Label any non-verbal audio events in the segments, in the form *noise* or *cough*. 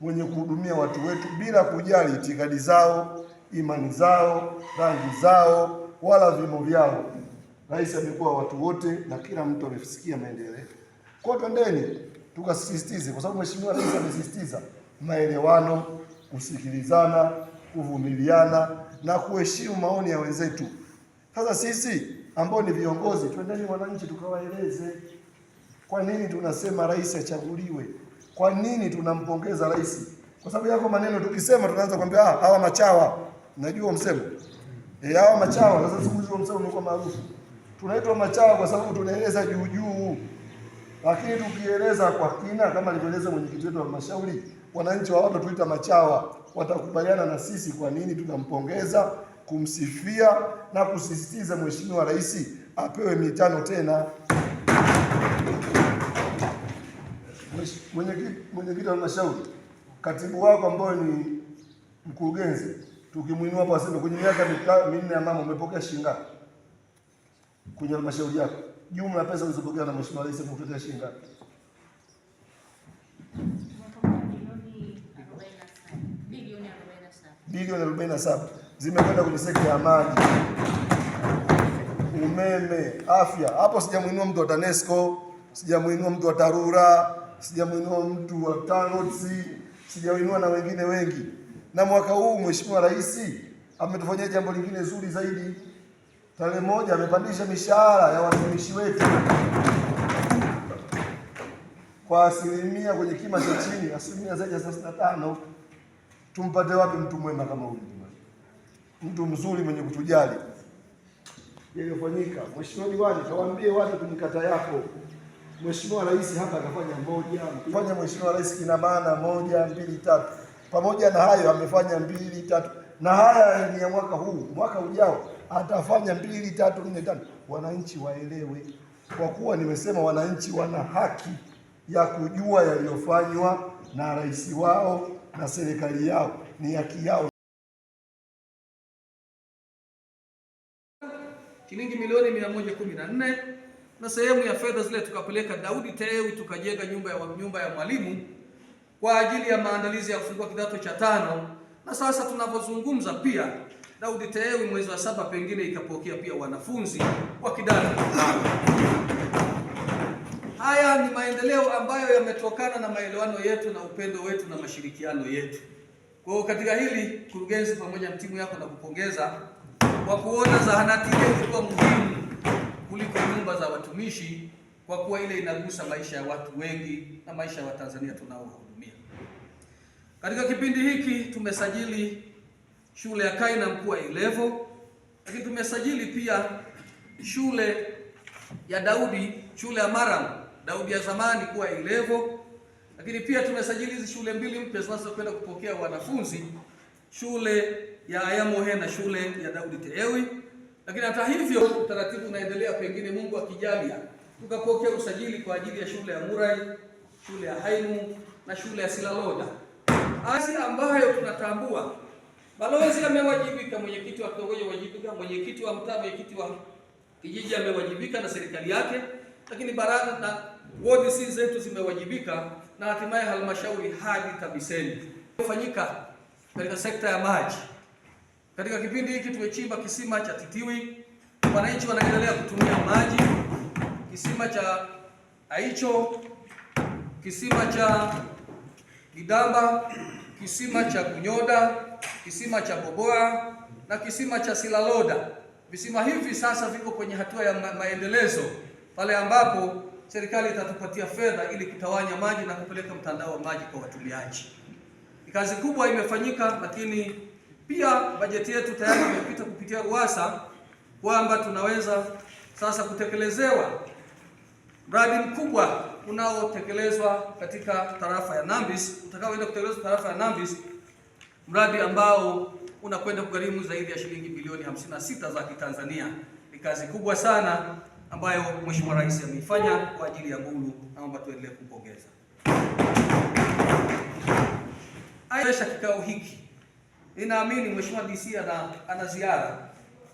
mwenye kuhudumia watu wetu bila kujali itikadi zao, imani zao, rangi zao wala vimo vyao. Rais amekuwa watu wote na kila mtu amesikia maendeleo. Kwa twendeni tukasisitize, kwa sababu mheshimiwa rais amesisitiza maelewano, kusikilizana, kuvumiliana na kuheshimu maoni ya wenzetu. Sasa sisi ambao ni viongozi, twendeni wananchi tukawaeleze kwa nini tunasema rais achaguliwe. Kwa nini tunampongeza rais? Kwa sababu yako maneno tukisema tunaanza kuambia ah, hawa machawa. Najua msemo. Eh, hawa machawa sasa siku hizo msemo umekuwa maarufu. Tunaitwa machawa kwa sababu tunaeleza juu juu. Lakini tukieleza kwa kina kama alivyoeleza mwenyekiti wetu wa mashauri, wananchi wa watu tuita machawa, watakubaliana na sisi kwa nini tunampongeza, kumsifia na kusisitiza mheshimiwa rais apewe mitano tena. mwenyekiti wa halmashauri, katibu wako ambayo ni mkurugenzi, tukimwinua hapa waseme kwenye miaka minne ya mama umepokea shilingi ngapi kwenye halmashauri yako? Jumla ya pesa ulizopokea na mheshimiwa rais umepokea shilingi ngapi? Bilioni arobaini na saba zimekwenda kwenye sekta ya maji, umeme, afya. Hapo sijamwinua mtu wa TANESCO, sijamwinua mtu wa TARURA sijamwinua mtu wa TANROADS, sijawainua na wengine wengi. Na mwaka huu Mheshimiwa Rais ametufanyia jambo lingine zuri zaidi. Tarehe moja amepandisha mishahara ya watumishi wetu kwa asilimia kwenye kima cha chini, asilimia zaidi ya thelathini na tano. Tumpate wapi mtu mwema kama huyu, mtu mzuri mwenye kutujali? Yaliyofanyika Mheshimiwa Diwani, kawaambie watu kwenye kata yako Mheshimiwa Rais hapa akafanya moja, fanya Mheshimiwa Rais ina maana moja mbili tatu. Pamoja na hayo amefanya mbili tatu, na haya ni ya mwaka huu. Mwaka ujao atafanya mbili tatu nne tano. Wananchi waelewe, kwa kuwa nimesema wananchi wana haki ya kujua yaliyofanywa na rais wao na serikali yao, ni haki yao. Shilingi milioni mia moja kumi na nne na sehemu ya fedha zile tukapeleka Daudi Tewi, tukajenga nyumba ya nyumba ya mwalimu kwa ajili ya maandalizi ya kufungua kidato cha tano. Na sasa tunapozungumza pia Daudi Tewi mwezi wa saba pengine ikapokea pia wanafunzi wa kidato cha tano. Haya ni maendeleo ambayo yametokana na maelewano yetu na upendo wetu na mashirikiano yetu. Kwa hiyo katika hili, mkurugenzi, pamoja na timu yako, na kupongeza kwa kuona zahanati yetu kwa muhimu kuliko nyumba za watumishi, kwa kuwa ile inagusa maisha ya watu wengi na maisha ya Watanzania tunaowahudumia. Katika kipindi hiki tumesajili shule ya Kaina Mkuu A Level, lakini tumesajili pia shule ya Daudi, shule ya Maram Daudi ya zamani kuwa A Level, lakini pia tumesajili hizi shule mbili mpya zinazokwenda kupokea wanafunzi, shule ya Ayamohe na shule ya Daudi Teewi. Lakini hata hivyo utaratibu unaendelea, pengine Mungu akijalia, tukapokea usajili kwa ajili ya shule ya Murai, shule ya Haimu na shule ya Silaloja asi ambayo tunatambua balozi amewajibika, mwenyekiti wa kitongoji amewajibika, mwenyekiti wa mtaa, mwenyekiti wa kijiji amewajibika na serikali yake, lakini baraza na wodi si zetu zimewajibika, na hatimaye halmashauri hadi TAMISEMI kufanyika katika sekta ya maji. Katika kipindi hiki tumechimba kisima cha Titiwi, wananchi wanaendelea kutumia maji, kisima cha Aicho, kisima cha Gidamba, kisima cha Kunyoda, kisima cha Boboa na kisima cha Silaloda. Visima hivi sasa viko kwenye hatua ya ma maendelezo pale ambapo serikali itatupatia fedha ili kutawanya maji na kupeleka mtandao wa maji kwa watumiaji. Kazi kubwa imefanyika, lakini pia bajeti yetu tayari imepita kupitia RUWASA kwamba tunaweza sasa kutekelezewa mradi mkubwa unaotekelezwa katika tarafa ya Nambis, utakaoenda kutekelezwa tarafa ya Nambis, mradi ambao unakwenda kugharimu zaidi ya shilingi bilioni 56 za Kitanzania. Ni kazi kubwa sana ambayo Mheshimiwa Rais ameifanya kwa ajili ya Mbulu, naomba tuendelee kumpongeza. Aidha, kikao hiki Ninaamini Mheshimiwa DC ana, ana ziara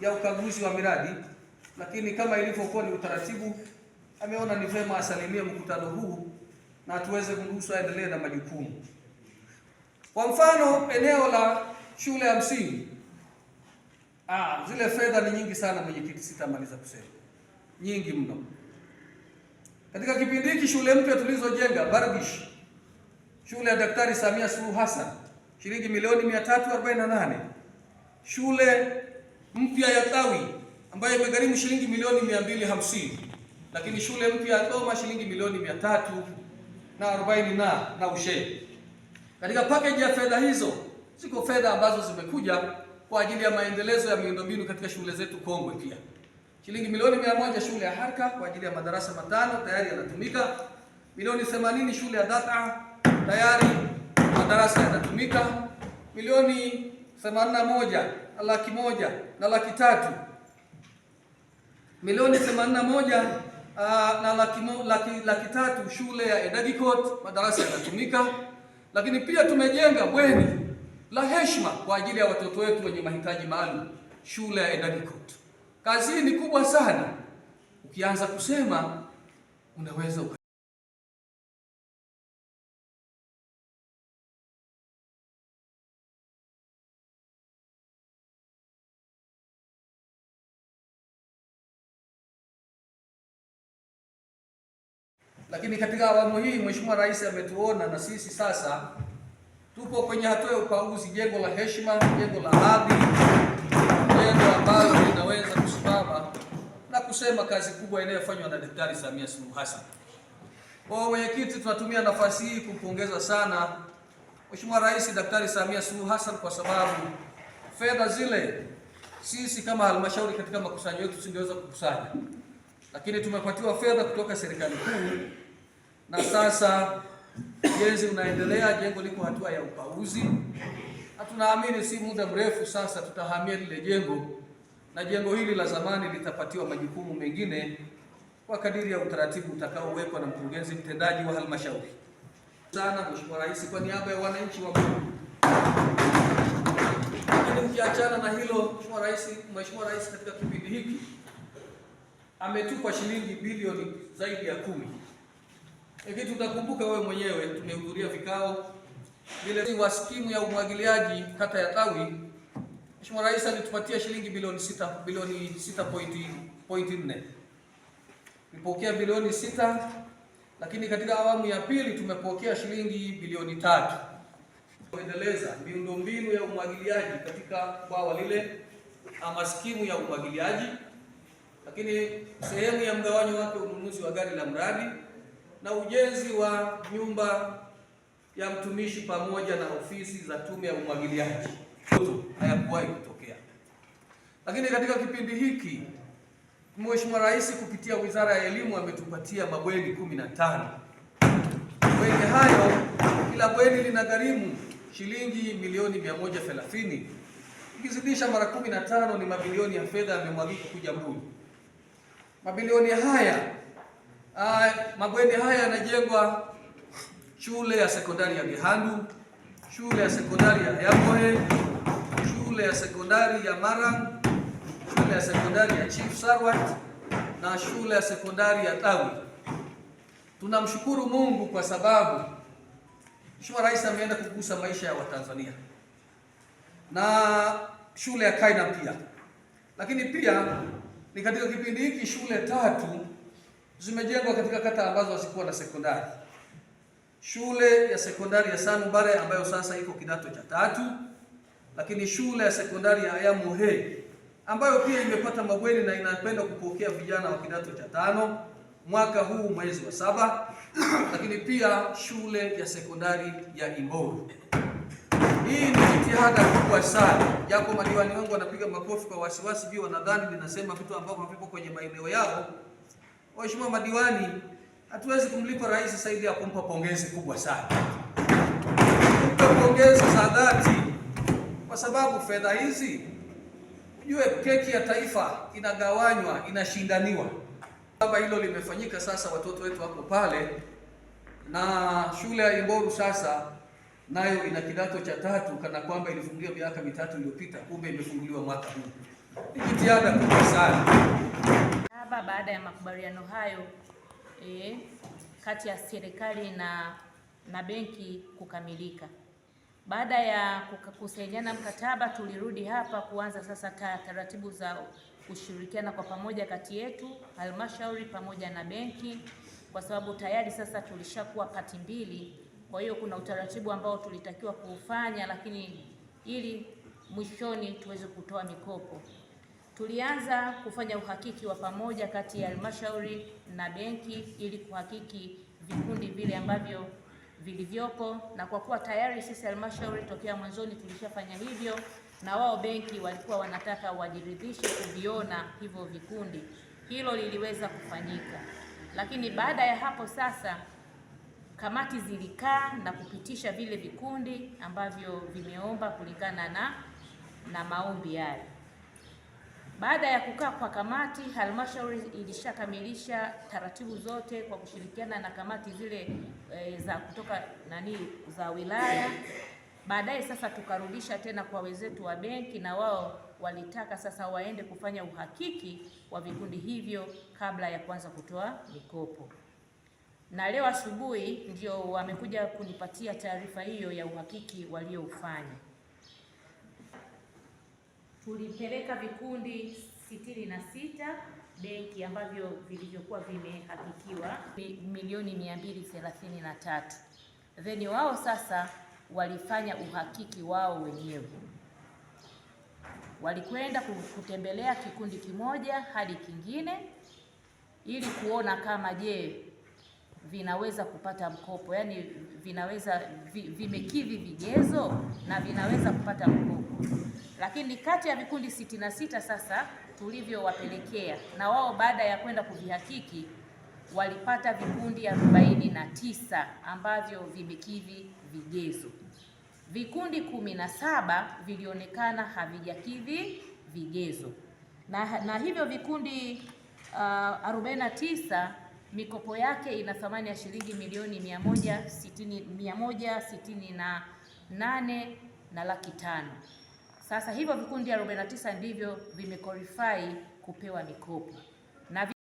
ya ukaguzi wa miradi, lakini kama ilivyokuwa ni utaratibu, ameona ni vema asalimie mkutano huu na tuweze kuruhusu aendelee na majukumu. Kwa mfano, eneo la shule ya msingi ah, zile fedha ni nyingi sana mwenyekiti, sitamaliza kusema, nyingi mno. Katika kipindi hiki shule mpya tulizojenga barbish shule ya Daktari Samia Suluhu Hassan shilingi milioni 348, shule mpya ya Tawi ambayo imegharimu shilingi milioni 250, lakini shule mpya ya Toma shilingi milioni 340 na na ushe. Katika package ya fedha hizo ziko fedha ambazo zimekuja kwa ajili ya maendelezo ya miundombinu katika shule zetu kongwe pia shilingi milioni mia moja shule ya Harka kwa ajili ya madarasa matano tayari yanatumika. Milioni 80 shule ya Data tayari madarasa yanatumika milioni 81 na laki moja na laki tatu milioni 81 moja ah, na laki, laki, laki tatu shule ya Edadikot madarasa yanatumika, lakini pia tumejenga bweni la heshima kwa ajili ya watoto wetu wenye mahitaji maalum shule ya Edadikot. Kazi hii ni kubwa sana, ukianza kusema unaweza Lakini katika awamu hii Mheshimiwa Rais ametuona na sisi sasa tupo kwenye hatua ya upanuzi, jengo la heshima, jengo la hadhi, jengo ambalo linaweza kusimama na kusema kazi kubwa inayofanywa na Daktari Samia Suluhu Hassan. Kwa mwenyekiti, tunatumia nafasi hii kumpongeza sana Mheshimiwa Rais Daktari Samia Suluhu Hassan kwa sababu fedha zile sisi kama halmashauri katika makusanyo yetu tusingeweza kukusanya, lakini tumepatiwa fedha kutoka serikali kuu na sasa ujenzi unaendelea, jengo liko hatua ya upauzi, na tunaamini si muda mrefu sasa tutahamia lile jengo, na jengo hili la zamani litapatiwa majukumu mengine kwa kadiri ya utaratibu utakaowekwa na mkurugenzi mtendaji wa halmashauri. Sana Mheshimiwa Rais, kwa niaba ya wananchi wa Lakini ukiachana na hilo, Mheshimiwa Rais, Mheshimiwa Rais katika kipindi hiki ametupa shilingi bilioni zaidi ya kumi Hivi tutakumbuka wewe mwenyewe, tumehudhuria vikao vile wa skimu ya umwagiliaji kata ya Tawi. Mheshimiwa Rais alitupatia shilingi bilioni 6 bilioni 6.4, tulipokea bilioni 6, lakini katika awamu ya pili tumepokea shilingi bilioni tatu kuendeleza miundombinu ya umwagiliaji katika bwawa lile ama skimu ya umwagiliaji, lakini sehemu ya mgawanyo wake ununuzi wa gari la mradi na ujenzi wa nyumba ya mtumishi pamoja na ofisi za tume ya umwagiliaji. Hayakuwahi kutokea, lakini katika kipindi hiki Mheshimiwa Rais kupitia Wizara ya Elimu ametupatia mabweni kumi na tano. Mabweni hayo kila bweni lina gharimu shilingi milioni 130, ukizidisha mara 15 ni mabilioni ya fedha yamemwagika kuja Mbulu. Mabilioni haya Uh, mabweni haya yanajengwa shule ya sekondari ya Gihandu, shule ya sekondari ya Yambohe, shule ya sekondari ya Marang, shule ya sekondari ya Chief Sarwat na shule ya sekondari ya Tawi. Tunamshukuru Mungu kwa sababu Mheshimiwa Rais ameenda kugusa maisha ya Watanzania na shule ya Kaina pia, lakini pia ni katika kipindi hiki shule tatu zimejengwa katika kata ambazo hazikuwa na sekondari. Shule ya sekondari ya Sanubare ambayo sasa iko kidato cha tatu, lakini shule ya sekondari ya Ayamuhe ambayo pia imepata mabweni na inapenda kupokea vijana wa kidato cha tano mwaka huu mwezi wa saba, *clears throat* lakini pia shule ya sekondari ya Imboru. Hii ni jitihada kubwa sana. Japo madiwani wangu wanapiga makofi kwa wasiwasi, juu wanadhani ninasema vitu ambavyo vipo kwenye maeneo yao. Waheshimiwa madiwani, hatuwezi kumlipa rais zaidi ya kumpa pongezi kubwa sana, kumpa pongezi za dhati, kwa sababu fedha hizi, ujue keki ya taifa inagawanywa, inashindaniwa. Baba, hilo limefanyika sasa, watoto wetu wako pale, na shule ya Imboru sasa nayo ina kidato cha tatu, kana kwamba ilifunguliwa miaka mitatu iliyopita, kumbe imefunguliwa mwaka huu. Ni jitihada kubwa sana. Mkataba baada ya makubaliano hayo e, kati ya serikali na, na benki kukamilika. Baada ya kusainiana mkataba, tulirudi hapa kuanza sasa taratibu za kushirikiana kwa pamoja kati yetu halmashauri pamoja na benki, kwa sababu tayari sasa tulishakuwa pati mbili. Kwa hiyo kuna utaratibu ambao tulitakiwa kuufanya, lakini ili mwishoni tuweze kutoa mikopo. Tulianza kufanya uhakiki wa pamoja kati ya halmashauri na benki ili kuhakiki vikundi vile ambavyo vilivyopo, na kwa kuwa tayari sisi halmashauri tokea mwanzoni tulishafanya hivyo, na wao benki walikuwa wanataka wajiridhishe kuviona hivyo vikundi, hilo liliweza kufanyika. Lakini baada ya hapo sasa kamati zilikaa na kupitisha vile vikundi ambavyo vimeomba kulingana na na maombi yale. Baada ya kukaa kwa kamati, halmashauri ilishakamilisha taratibu zote kwa kushirikiana na kamati zile e, za kutoka nani za wilaya. Baadaye sasa tukarudisha tena kwa wenzetu wa benki, na wao walitaka sasa waende kufanya uhakiki wa vikundi hivyo kabla ya kuanza kutoa mikopo, na leo asubuhi ndio wamekuja kunipatia taarifa hiyo ya uhakiki walioufanya kulipeleka vikundi sitini na sita benki ambavyo vilivyokuwa vimehakikiwa milioni mia mbili thelathini na tatu. Then wao sasa walifanya uhakiki wao wenyewe, walikwenda kutembelea kikundi kimoja hadi kingine ili kuona kama je, vinaweza kupata mkopo, yaani vinaweza vimekidhi vigezo na vinaweza kupata mkopo. Lakini kati ya vikundi sitini na sita sasa tulivyowapelekea na wao baada ya kwenda kuvihakiki walipata vikundi arobaini na tisa ambavyo vimekidhi vigezo. Vikundi kumi na saba vilionekana havijakidhi vigezo na, na hivyo vikundi uh, 49 mikopo yake ina thamani ya shilingi milioni nane na laki tano. Sasa hivyo vikundi 49 ndivyo vimekorifai kupewa mikopo na